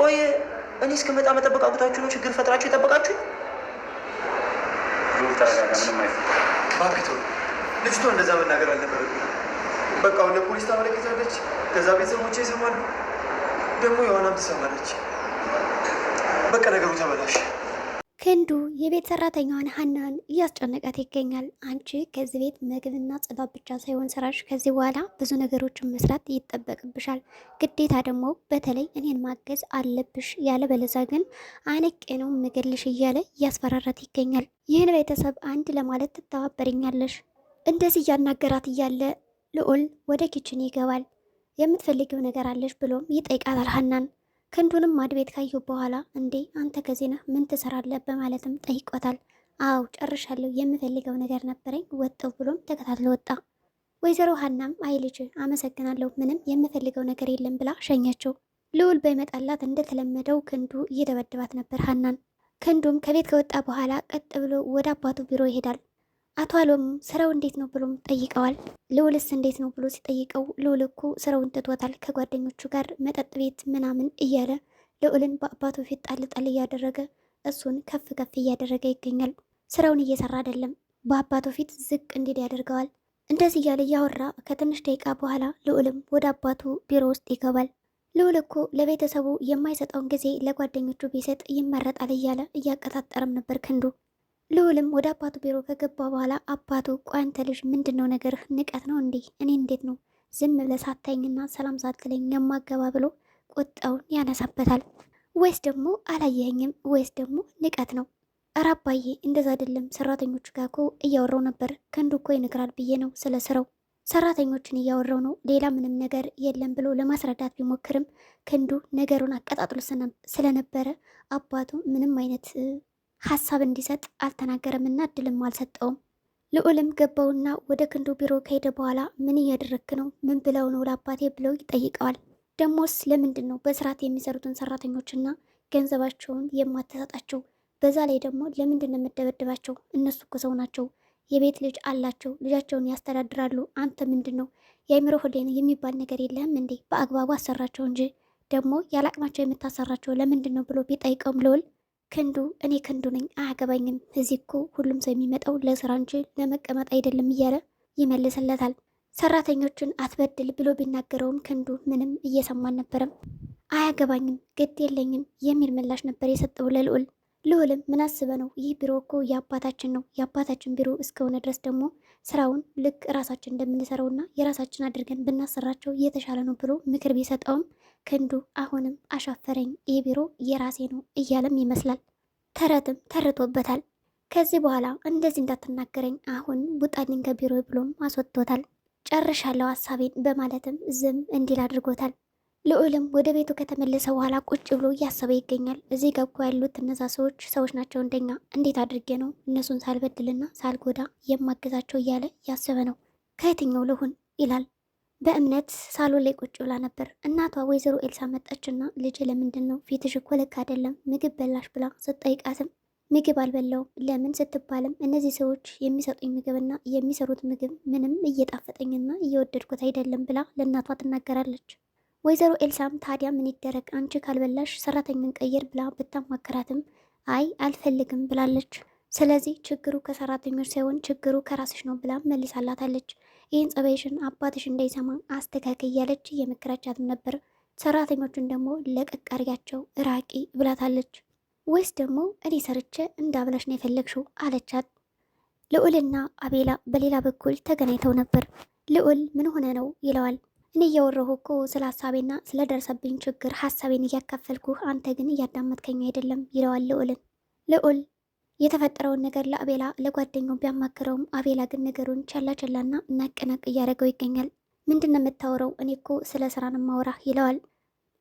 ቆይ እኔ እስክመጣ መጠበቅ አቅቷችሁ ነው ችግር ፈጥራችሁ የጠበቃችሁኝ? ልጅቷ እንደዛ መናገር አልነበረብኝ። በቃ ሁለ ፖሊስ ታመለክታለች። ከዛ ቤተሰቦች ይሰማሉ፣ ደግሞ የሆናም ትሰማለች። በቃ ነገሩ ተበላሽ። ክንዱ የቤት ሰራተኛዋን ሀናን እያስጨነቃት ይገኛል። አንቺ ከዚህ ቤት ምግብና ጽዳት ብቻ ሳይሆን ስራሽ ከዚህ በኋላ ብዙ ነገሮችን መስራት ይጠበቅብሻል። ግዴታ ደግሞ በተለይ እኔን ማገዝ አለብሽ፣ ያለ በለዛ ግን አነቄ ነው ምግልሽ እያለ እያስፈራራት ይገኛል። ይህን ቤተሰብ አንድ ለማለት ትተባበርኛለሽ። እንደዚህ እያናገራት እያለ ልዑል ወደ ኪችን ይገባል። የምትፈልጊው ነገር አለሽ ብሎም ይጠይቃታል ሀናን ክንዱንም ማድቤት ካየሁ በኋላ እንዴ አንተ ከዜና ምን ትሰራለህ በማለትም ጠይቆታል። አው ጨርሻለሁ፣ የምፈልገው ነገር ነበረኝ ወጠው ብሎም ተከታትሎ ወጣ። ወይዘሮ ሀናም አይ ልጅ አመሰግናለሁ፣ ምንም የምፈልገው ነገር የለም ብላ ሸኘችው። ልውል በይመጣላት እንደተለመደው ክንዱ እየደበደባት ነበር ሀናን። ክንዱም ከቤት ከወጣ በኋላ ቀጥ ብሎ ወደ አባቱ ቢሮ ይሄዳል። አቶ አሎም ስራው እንዴት ነው ብሎም ጠይቀዋል። ልውልስ እንዴት ነው ብሎ ሲጠይቀው ልውል እኮ ስራውን ትቶታል። ከጓደኞቹ ጋር መጠጥ ቤት ምናምን እያለ ልውልን በአባቱ ፊት ጣል ጣል እያደረገ እሱን ከፍ ከፍ እያደረገ ይገኛል። ስራውን እየሰራ አይደለም፣ በአባቱ ፊት ዝቅ እንዲል ያደርገዋል። እንደዚህ እያለ እያወራ ከትንሽ ደቂቃ በኋላ ልዑልም ወደ አባቱ ቢሮ ውስጥ ይገባል። ልዑል እኮ ለቤተሰቡ የማይሰጠውን ጊዜ ለጓደኞቹ ቢሰጥ ይመረጣል እያለ እያቀጣጠረም ነበር ክንዱ። ልዑልም ወደ አባቱ ቢሮ ከገባ በኋላ አባቱ ቆይ አንተ ልጅ ምንድን ነው ነገርህ? ንቀት ነው እንዴ? እኔ እንዴት ነው ዝም ብለህ ሳታኝና ሰላም ሳትለኝ የማገባ ብሎ ቁጣውን ያነሳበታል። ወይስ ደግሞ አላየኸኝም? ወይስ ደግሞ ንቀት ነው? እረ አባዬ እንደዛ አይደለም። ሰራተኞቹ ጋር እኮ እያወራው ነበር። ከንዱ እኮ ይነግራል ብዬ ነው ስለ ስራው ሰራተኞችን እያወራው ነው፣ ሌላ ምንም ነገር የለም ብሎ ለማስረዳት ቢሞክርም ክንዱ ነገሩን አቀጣጥሎ ስለነበረ አባቱ ምንም አይነት ሀሳብ እንዲሰጥ አልተናገረምና እድልም አልሰጠውም። ልዑልም ገባውና ወደ ክንዱ ቢሮ ከሄደ በኋላ ምን እያደረክ ነው? ምን ብለው ነው ለአባቴ ብለው ይጠይቀዋል። ደሞስ ለምንድን ነው በስርዓት የሚሰሩትን ሰራተኞችና ገንዘባቸውን የማትሰጣቸው? በዛ ላይ ደግሞ ለምንድን ነው የምደበድባቸው? እነሱ እኮ ሰው ናቸው፣ የቤት ልጅ አላቸው፣ ልጃቸውን ያስተዳድራሉ። አንተ ምንድን ነው የአእምሮ ህሊና የሚባል ነገር የለህም እንዴ? በአግባቡ አሰራቸው እንጂ ደግሞ ያላቅማቸው የምታሰራቸው ለምንድን ነው ብሎ ቢጠይቀውም ልዑል ክንዱ እኔ ክንዱ ነኝ አያገባኝም፣ እዚህ እኮ ሁሉም ሰው የሚመጣው ለስራ እንጂ ለመቀመጥ አይደለም እያለ ይመልስለታል። ሰራተኞቹን አትበድል ብሎ ቢናገረውም ክንዱ ምንም እየሰማ አልነበረም። አያገባኝም፣ ግድ የለኝም የሚል ምላሽ ነበር የሰጠው ለልዑል። ልዑልም ምን አስበ ነው? ይህ ቢሮ እኮ የአባታችን ነው። የአባታችን ቢሮ እስከሆነ ድረስ ደግሞ ስራውን ልክ ራሳችን እንደምንሰራውና የራሳችን አድርገን ብናሰራቸው እየተሻለ ነው ብሎ ምክር ቢሰጠውም ክንዱ አሁንም አሻፈረኝ፣ ይህ ቢሮ የራሴ ነው እያለም ይመስላል። ተረትም ተርቶበታል። ከዚህ በኋላ እንደዚህ እንዳትናገረኝ አሁን ውጣልኝ ከቢሮ ብሎም አስወጥቶታል። ጨርሻለሁ ሀሳቤን በማለትም ዝም እንዲል አድርጎታል። ልዑልም ወደ ቤቱ ከተመለሰ በኋላ ቁጭ ብሎ እያሰበ ይገኛል። እዚህ ገብኮ ያሉት እነዛ ሰዎች ሰዎች ናቸው እንደኛ፣ እንዴት አድርጌ ነው እነሱን ሳልበድልና ሳልጎዳ የማገዛቸው እያለ ያሰበ ነው። ከየትኛው ልሁን ይላል። በእምነት ሳሎን ላይ ቁጭ ብላ ነበር። እናቷ ወይዘሮ ኤልሳ መጣችና ልጅ ለምንድን ነው ፊትሽ እኮ ልክ አይደለም ምግብ በላሽ ብላ ስትጠይቃትም ምግብ አልበላውም ለምን ስትባልም እነዚህ ሰዎች የሚሰጡኝ ምግብና የሚሰሩት ምግብ ምንም እየጣፈጠኝና እየወደድኩት አይደለም ብላ ለእናቷ ትናገራለች። ወይዘሮ ኤልሳም ታዲያ ምን ይደረግ አንቺ ካልበላሽ ሰራተኛን ቀየር ብላ ብታማከራትም አይ አልፈልግም ብላለች። ስለዚህ ችግሩ ከሰራተኞች ሳይሆን ችግሩ ከራስሽ ነው ብላ መልሳላታለች። ይህን ጸባይሽን አባትሽ እንዳይሰማ አስተካከ እያለች እየመከረቻትም ነበር። ሰራተኞቹን ደግሞ ለቀቅ ራቂ ብላታለች። ወይስ ደግሞ እኔ ሰርቼ እንዳብላሽ ነው የፈለግሽው አለቻት። ልዑልና አቤላ በሌላ በኩል ተገናኝተው ነበር። ልዑል ምን ሆነ ነው ይለዋል። እኔ እያወራሁ እኮ ስለ ሀሳቤና ስለደረሰብኝ ችግር ሀሳቤን እያካፈልኩህ አንተ ግን እያዳመጥከኝ አይደለም ይለዋል ልዑልን። ልዑል የተፈጠረውን ነገር ለአቤላ ለጓደኛው ቢያማክረውም አቤላ ግን ነገሩን ቸላ ቸላና ናቅ ናቅ እያደረገው ይገኛል። ምንድን ነው እኔ እኮ ስለ ስራን ማውራ ይለዋል።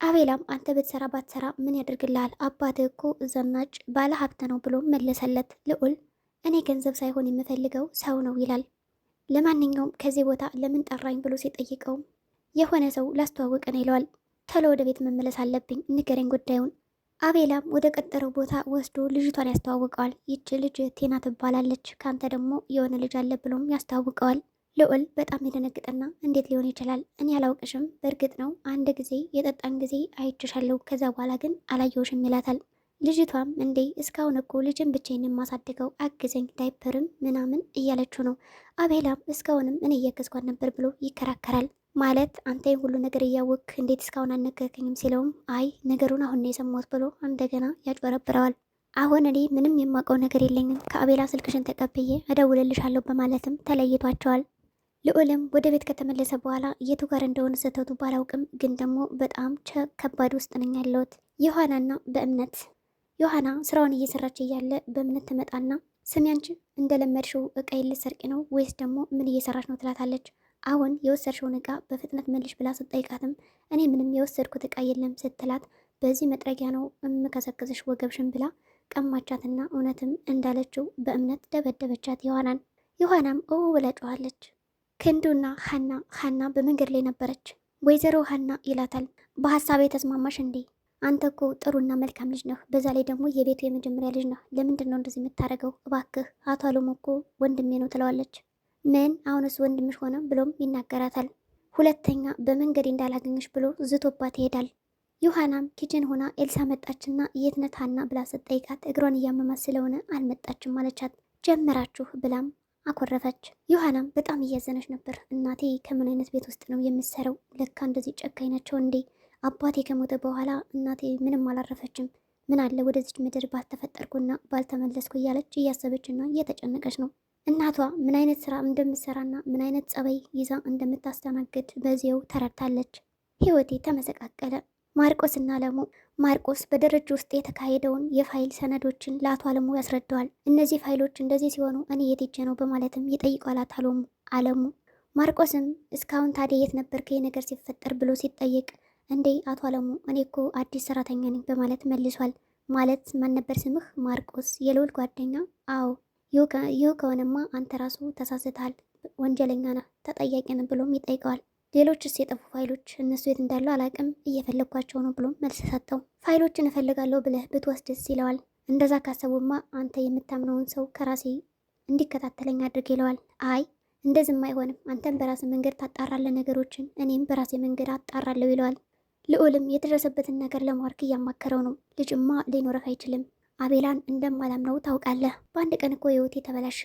አቤላም አንተ ብትሰራ ባትሰራ ምን ያደርግልሃል? አባትህ እኮ ዘናጭ ባለ ሀብት ነው ብሎ መለሰለት። ልዑል እኔ ገንዘብ ሳይሆን የምፈልገው ሰው ነው ይላል። ለማንኛውም ከዚህ ቦታ ለምን ጠራኝ ብሎ ሲጠይቀውም የሆነ ሰው ላስተዋውቅ ነው ይለዋል። ቶሎ ወደ ቤት መመለስ አለብኝ፣ ንገረኝ ጉዳዩን አቤላም ወደ ቀጠረው ቦታ ወስዶ ልጅቷን ያስተዋውቀዋል። ይቺ ልጅ ቴና ትባላለች፣ ከአንተ ደግሞ የሆነ ልጅ አለ ብሎም ያስተዋውቀዋል። ልዑል በጣም የደነግጠና እንዴት ሊሆን ይችላል? እኔ አላውቅሽም። በእርግጥ ነው አንድ ጊዜ የጠጣን ጊዜ አይችሻለሁ፣ ከዛ በኋላ ግን አላየውሽም ይላታል። ልጅቷም እንዴ እስካሁን እኮ ልጅን ብቻዬን የማሳድገው አግዘኝ፣ ዳይፐርም ምናምን እያለችው ነው። አቤላም እስካሁንም እኔ እያገዝኳት ነበር ብሎ ይከራከራል። ማለት አንተ ሁሉ ነገር እያወቅክ እንዴት እስካሁን አልነገርከኝም? ሲለውም አይ ነገሩን አሁን ነው የሰማሁት ብሎ እንደገና ያጭበረብረዋል። አሁን እኔ ምንም የማውቀው ነገር የለኝም ከአቤላ ስልክሽን ተቀብዬ እደውልልሻለሁ በማለትም ተለይቷቸዋል። ልዑልም ወደ ቤት ከተመለሰ በኋላ የቱ ጋር እንደሆነ ስህተቱ ባላውቅም ግን ደግሞ በጣም ከባድ ውስጥ ነኝ ያለሁት። ዮሐናና በእምነት ዮሐና ስራውን እየሰራች እያለ በእምነት ትመጣና ስሚያንች አንቺ እንደለመድሽው እቃዬን ልትሰርቂ ነው ወይስ ደግሞ ምን እየሰራች ነው ትላታለች። አሁን የወሰድሽውን እቃ በፍጥነት መልሽ ብላ ስጠይቃትም። እኔ ምንም የወሰድኩት እቃ የለም ስትላት በዚህ መጥረጊያ ነው የምከሰክስሽ ወገብሽን ብላ ቀማቻትና እውነትም እንዳለችው በእምነት ደበደበቻት ዮሐናን። ዮሐናም ኦ ብላ ክንዱና ሀና ሀና በመንገድ ላይ ነበረች። ወይዘሮ ሀና ይላታል። በሀሳብ የተስማማሽ እንዴ? አንተ እኮ ጥሩና መልካም ልጅ ነህ። በዛ ላይ ደግሞ የቤቱ የመጀመሪያ ልጅ ነህ። ለምንድን ነው እንደዚህ የምታደርገው? እባክህ አቶ አለሙ እኮ ወንድሜ ነው ትለዋለች። ምን አሁንስ ወንድምሽ ሆነ ብሎም ይናገራታል። ሁለተኛ በመንገድ እንዳላገኘሽ ብሎ ዝቶባት ይሄዳል። ዮሐናም ኪችን ሆና ኤልሳ መጣችና የት ነህ ሀና ብላ ስትጠይቃት እግሯን እያመማት ስለሆነ አልመጣችም አለቻት። ጀመራችሁ ብላም አኮረፈች። ዮሐናም በጣም እያዘነች ነበር። እናቴ ከምን አይነት ቤት ውስጥ ነው የምትሰራው? ለካ እንደዚህ ጨካኝ ናቸው እንዴ! አባቴ ከሞተ በኋላ እናቴ ምንም አላረፈችም። ምን አለ ወደዚች ምድር ባልተፈጠርኩና ባልተመለስኩ እያለች እያሰበችና እየተጨነቀች ነው። እናቷ ምን አይነት ስራ እንደምትሰራና ምን አይነት ጸባይ ይዛ እንደምታስተናግድ በዚያው ተረድታለች። ህይወቴ ተመሰቃቀለ። እና ለሙ ማርቆስ በደረጃ ውስጥ የተካሄደውን የፋይል ሰነዶችን ለአቶ አለሙ ያስረዳዋል። እነዚህ ፋይሎች እንደዚህ ሲሆኑ እኔ የት ሄጄ ነው በማለትም ይጠይቋል አቶ አለሙ አለሙ ማርቆስም እስካሁን ታዲያ የት ነበር ከይ ነገር ሲፈጠር ብሎ ሲጠየቅ እንዴ አቶ አለሙ እኔ እኮ አዲስ ሰራተኛ ነኝ በማለት መልሷል። ማለት ማን ነበር ስምህ? ማርቆስ። የልውል ጓደኛ? አዎ ይህ ከሆነማ አንተ ራሱ ተሳስተሃል፣ ወንጀለኛ ነህ፣ ተጠያቂ ነህ ብሎም ይጠይቀዋል። ሌሎችስ የጠፉ ፋይሎች እነሱ የት እንዳሉ አላቅም፣ እየፈለግኳቸው ነው ብሎም መልስ ሰጠው። ፋይሎችን እፈልጋለሁ ብለህ ብትወስድስ ይለዋል። እንደዛ ካሰቡማ አንተ የምታምነውን ሰው ከራሴ እንዲከታተለኝ አድርግ ይለዋል። አይ እንደዚህም አይሆንም፣ አንተም በራሴ መንገድ ታጣራለህ ነገሮችን፣ እኔም በራሴ መንገድ አጣራለሁ ይለዋል። ልዑልም የደረሰበትን ነገር ለማወርክ እያማከረው ነው። ልጅማ ሊኖረህ አይችልም አቤላን እንደማላምነው ታውቃለህ። በአንድ ቀን እኮ ህይወቴ ተበላሸ።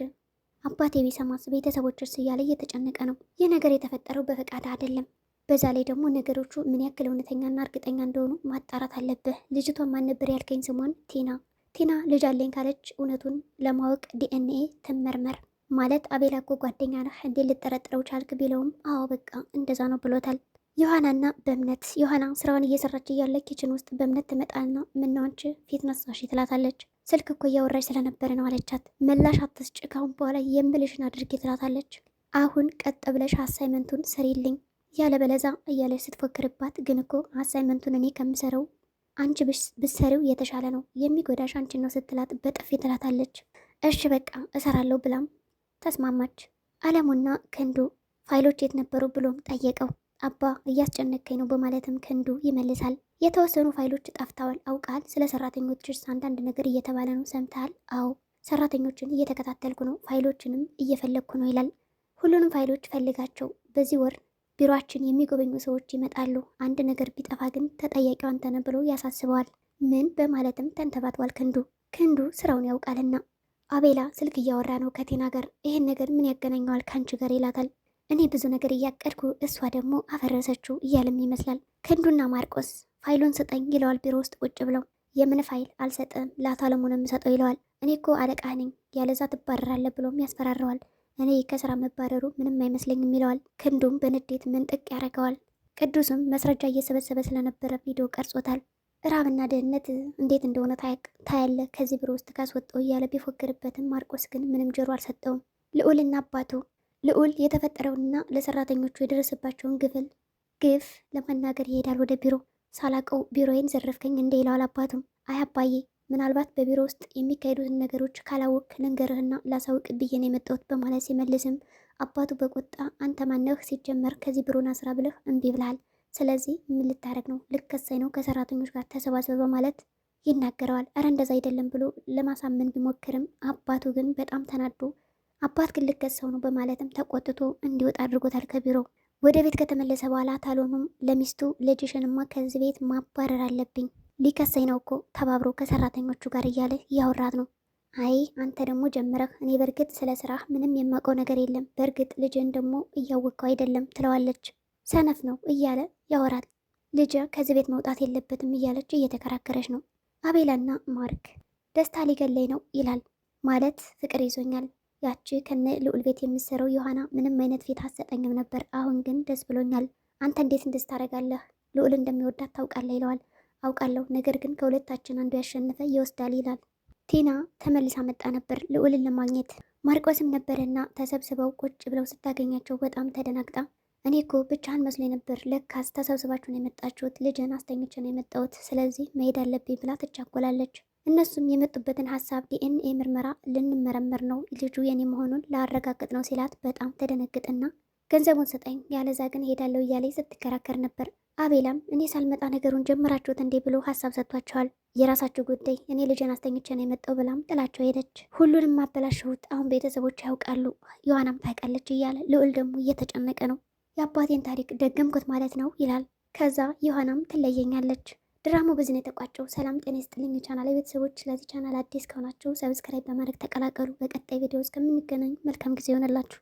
አባቴ ቢሰማስ ቤተሰቦችስ እያለ እየተጨነቀ ነው። ይህ ነገር የተፈጠረው በፈቃድ አይደለም። በዛ ላይ ደግሞ ነገሮቹ ምን ያክል እውነተኛና እርግጠኛ እንደሆኑ ማጣራት አለብህ። ልጅቷን ማን ነበር ያልከኝ? ስሟን ቲና። ቲና ልጅ አለኝ ካለች እውነቱን ለማወቅ ዲኤንኤ ትመርመር። ማለት አቤላ እኮ ጓደኛ ነህ እንዴት ልጠረጥረው ቻልክ? ቢለውም አዎ በቃ እንደዛ ነው ብሎታል። ዮሐናና በእምነት ዮሐና ስራዋን እየሰራች እያለ ኪችን ውስጥ በእምነት ትመጣና ምነው አንቺ ፊት ነሳሽ ትላታለች። ስልክ እኮ እያወራች ስለነበረ ነው አለቻት። ምላሽ አትስጭ፣ ካሁን በኋላ የምልሽን አድርጌ ትላታለች። አሁን ቀጥ ብለሽ አሳይመንቱን ስሪልኝ ያለበለዛ እያለች ስትፎክርባት፣ ግን እኮ አሳይመንቱን እኔ ከምሰረው አንቺ ብሰሪው የተሻለ ነው የሚጎዳሽ አንቺን ነው ስትላት በጥፊ ትላታለች። እሺ በቃ እሰራለሁ ብላም ተስማማች። አለሙና ክንዱ ፋይሎች የት ነበሩ ብሎም ጠየቀው። አባ እያስጨነቀኝ ነው በማለትም ክንዱ ይመልሳል። የተወሰኑ ፋይሎች ጠፍተዋል አውቃል። ስለ ሰራተኞችስ አንዳንድ ነገር እየተባለ ነው ሰምተሃል? አዎ ሰራተኞችን እየተከታተልኩ ነው፣ ፋይሎችንም እየፈለግኩ ነው ይላል። ሁሉንም ፋይሎች ፈልጋቸው፣ በዚህ ወር ቢሮአችን የሚጎበኙ ሰዎች ይመጣሉ። አንድ ነገር ቢጠፋ ግን ተጠያቂው አንተ ነህ ብሎ ያሳስበዋል። ምን በማለትም ተንተባትዋል ክንዱ። ክንዱ ስራውን ያውቃልና አቤላ ስልክ እያወራ ነው ከቴና ጋር። ይህን ነገር ምን ያገናኘዋል ከአንቺ ጋር ይላታል። እኔ ብዙ ነገር እያቀድኩ እሷ ደግሞ አፈረሰችው እያለም ይመስላል። ክንዱና ማርቆስ ፋይሉን ስጠኝ ይለዋል ቢሮ ውስጥ ቁጭ ብለው። የምን ፋይል አልሰጥም፣ ለአታለሙ ነው የምሰጠው ይለዋል። እኔ እኮ አለቃህ ነኝ፣ ያለዛ ትባረራለህ ብሎም ያስፈራረዋል። እኔ ከስራ መባረሩ ምንም አይመስለኝም ይለዋል። ክንዱም በንዴት ምንጥቅ ያደርገዋል። ቅዱስም መስረጃ እየሰበሰበ ስለነበረ ቪዲዮ ቀርጾታል። ራብና ድህነት እንዴት እንደሆነ ታያለ ከዚህ ቢሮ ውስጥ ካስወጣው እያለ ቢፎክርበትም ማርቆስ ግን ምንም ጆሮ አልሰጠውም። ልዑልና አባቱ ልዑል የተፈጠረውንና ለሰራተኞቹ የደረሰባቸውን ግፍል ግፍ ለመናገር ይሄዳል ወደ ቢሮ። ሳላቀው ቢሮዬን ዘረፍከኝ እንደ ይለዋል አባቱም። አይ አባዬ፣ ምናልባት በቢሮ ውስጥ የሚካሄዱትን ነገሮች ካላወቅ ልንገርህና ላሳውቅ ብዬን የመጣሁት በማለት ሲመልስም አባቱ በቁጣ አንተ ማነህ? ሲጀመር ከዚህ ቢሮና አስራ ብለህ እምቢ ብልሃል። ስለዚህ ምን ነው? ልከሳይ ነው ከሰራተኞች ጋር ተሰባስበ በማለት ይናገረዋል። እረ እንደዛ አይደለም ብሎ ለማሳመን ቢሞክርም አባቱ ግን በጣም ተናዶ አባት ግን ልከሰው ነው በማለትም ተቆጥቶ እንዲወጣ አድርጎታል ከቢሮ ወደ ቤት ከተመለሰ በኋላ ታሎኑም ለሚስቱ ልጅሽንማ ከዚህ ቤት ማባረር አለብኝ ሊከሰኝ ነው እኮ ተባብሮ ከሰራተኞቹ ጋር እያለ እያወራት ነው። አይ አንተ ደግሞ ጀምረህ፣ እኔ በእርግጥ ስለ ስራ ምንም የማውቀው ነገር የለም፣ በእርግጥ ልጅን ደግሞ እያወቀው አይደለም ትለዋለች። ሰነፍ ነው እያለ ያወራል። ልጅ ከዚህ ቤት መውጣት የለበትም እያለች እየተከራከረች ነው። አቤላና ማርክ ደስታ ሊገለኝ ነው ይላል። ማለት ፍቅር ይዞኛል ያቺ ከነ ልዑል ቤት የምትሰራው ዮሐና ምንም አይነት ፊት አትሰጠኝም ነበር። አሁን ግን ደስ ብሎኛል። አንተ እንዴት እንደስ ታደርጋለህ? ልዑል እንደሚወዳት ታውቃለህ ይለዋል። አውቃለሁ፣ ነገር ግን ከሁለታችን አንዱ ያሸነፈ ይወስዳል ይላል። ቲና ተመልሳ መጣ ነበር ልዑልን ለማግኘት። ማርቆስም ነበረና ተሰብስበው ቁጭ ብለው ስታገኛቸው በጣም ተደናግጣ እኔ እኮ ብቻህን መስሎኝ ነበር፣ ለካስ ተሰብስባችሁ ነው የመጣችሁት። ልጅን አስተኝቼ ነው የመጣሁት፣ ስለዚህ መሄድ አለብኝ ብላ ትቻኮላለች። እነሱም የመጡበትን ሀሳብ ዲኤንኤ ምርመራ ልንመረመር ነው ልጁ የኔ መሆኑን ላረጋግጥ ነው ሲላት በጣም ተደነግጥና ገንዘቡን ስጠኝ ያለዛ ግን ሄዳለው እያለ ስትከራከር ነበር። አቤላም እኔ ሳልመጣ ነገሩን ጀምራችሁት እንዴ ብሎ ሀሳብ ሰጥቷቸዋል። የራሳችሁ ጉዳይ እኔ ልጅን አስተኝቼ ነው የመጣው ብላም ጥላቸው ሄደች። ሁሉንም አበላሸሁት አሁን ቤተሰቦች ያውቃሉ፣ ዮሐናም ታውቃለች እያለ ልዑል ደግሞ እየተጨነቀ ነው። የአባቴን ታሪክ ደገምኩት ማለት ነው ይላል። ከዛ ዮሐናም ትለየኛለች ድራማው በዚህ ነው የተቋጨው። ሰላም ጤና ይስጥልኝ የቻናል ቤተሰቦች። ለዚህ ቻናል አዲስ ከሆናችሁ ሰብስክራይብ በማድረግ ተቀላቀሉ። በቀጣይ ቪዲዮ እስከምንገናኝ መልካም ጊዜ ይሆንላችሁ።